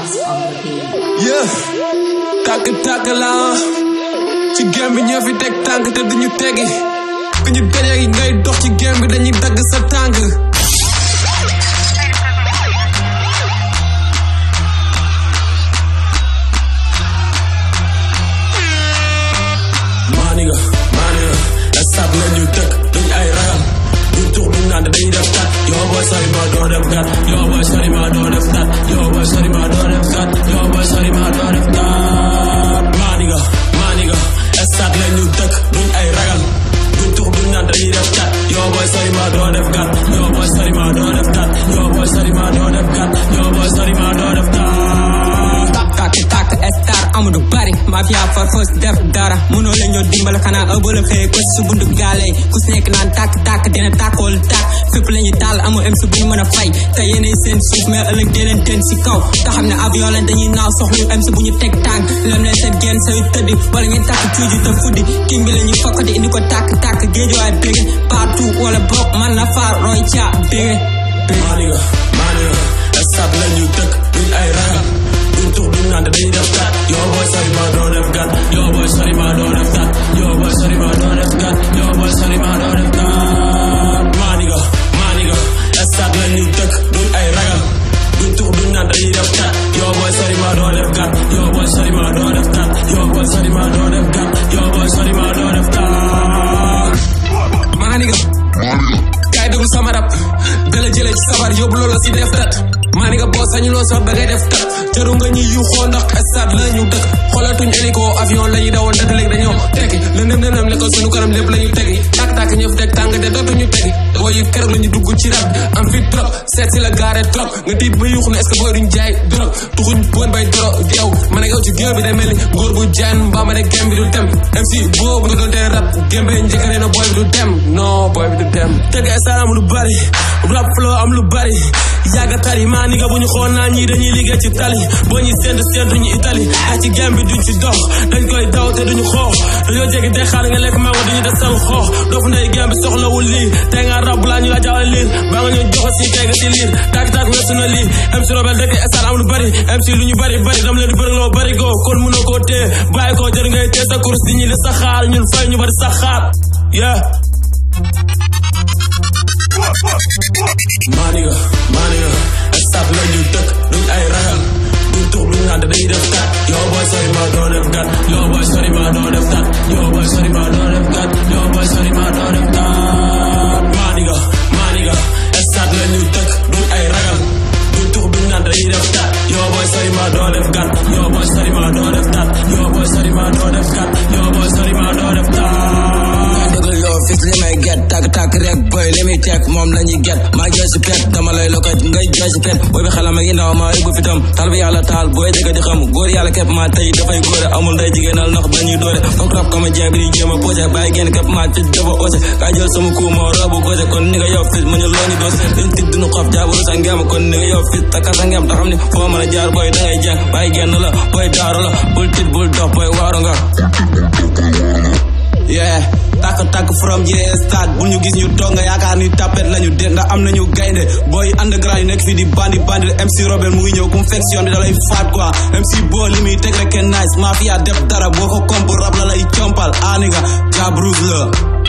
house on the beat. Yeah, kakketakala. ci game bi ñoo fi teg tànk te duñu tegi fi ñu dajee ngay dox ci game bi dañuy dagg sa tànk. bari mafia far fos def dara mënoo la ñoo dimbal xanaa ëbbala xëye ko su bundu gaale ku si nekk naan tàkk tàkk dina tàkkool tàkk a fay te yéenay seen suuf mais ne avion lañ dañuy naaw soxlu em si bu ñu teg tànk lem leen seen genn sayu tëddi wala ngeen tàkk cuuju te fuddi king bi la ñuy indi ko tàkk tàkk géejuwaay bége partout wala boog man na faar roy ca bége to do not the beat of that. Your boy sorry about all have got. Your boy sorry about all of that. Your boy sorry about all of God. Your boy sorry about all of that. My nigga, my nigga, that's that man you took. Do I raga? Do to do not the beat of that. Your boy sorry about all of God. Your boy sorry about all have got. Your boy sorry about all have got. Your boy sorry about all of that. My nigga, my nigga, kay deglu sama rap. Dala jele ci sabar yobul lolu ci def tat. maa ni nga boo sañuloo sax da ngay def tëkk jëru nga ñi yu yuuxoo ndax stade la ñu dëkk xolatuñ hélico avion lañu ñuy dawal lek dañu dañoo le nem nem le ko sunu kanam lépp la ñu tak tàkk tàkk ñëf teg tàng te dootuñu tekki booy yi ñu dugg ci rab am fi trop seet si la gaare trop nga tiit ba yuux ne est ce que booy duñ jaay dorog tuxuñ bon bay doro deew man ak yow ci bi bu jaan mbaa ma ne gém du dem tëgg star am lu bari rap flow am lu bari yàgga tari maa ni nga bu ñu xool naa ñii dañuy liggéey ci tali boo ñuy séntu séntu ñu itali ak ci gém bi duñ ci dox dañ koy daw te duñu xoox dañoo jéggi de xaal nga lekk maa nga duñu des seen xoox doofu ndey gém bi soxlawul lii te nga tax bulaa ñu la jaawale liir baa nga ñu joxo si lu bari MC lu ñu bari bari dama leen di bëri loo koo tee koo jër ngay tee sa course di saxaar ñun fay ñu bari saxaar yeah maaniga maaniga estar la ñu dëkk duñ ay ragal no católicos. boy let me check. Mom, let me get My maa ngi si ket dama lay lokat ngay jaay si ket booy bi xelam a I ndaw maa yóbbu fitam tal bi yàlla taal booy dëgg di xam góor yàlla képp maa tey dafay góore amul day jigéenal nax dañuy doore foog rab comédien bi di jéem a posé bàyyi génn képp maa fit dafa osé kaa jël sama kuu moo roobu gosé kon ni nga yow fit mu ñu loo ñu doos duñ tig duñu xof jaaburu sa ngeem kon ni nga yow fit takka sa ngeem te xam ni foo mën a jaar booy dangay jàng bàyyi génn la booy daaru la bul tit bul dox booy waaru nga yeah tàkk tàkk from jee stade bul ñu gis ñu toog nga yaakaar ni tapet lañu de ndax am nañu gaynde booy underground yi nekk fii di bandi bandi MC Robert mu ngi ñëw kum fekk si yoon bi da lay faat quoi MC boo li muy teg rek nice mafia def dara boo ko komp rab la lay compal aani nga la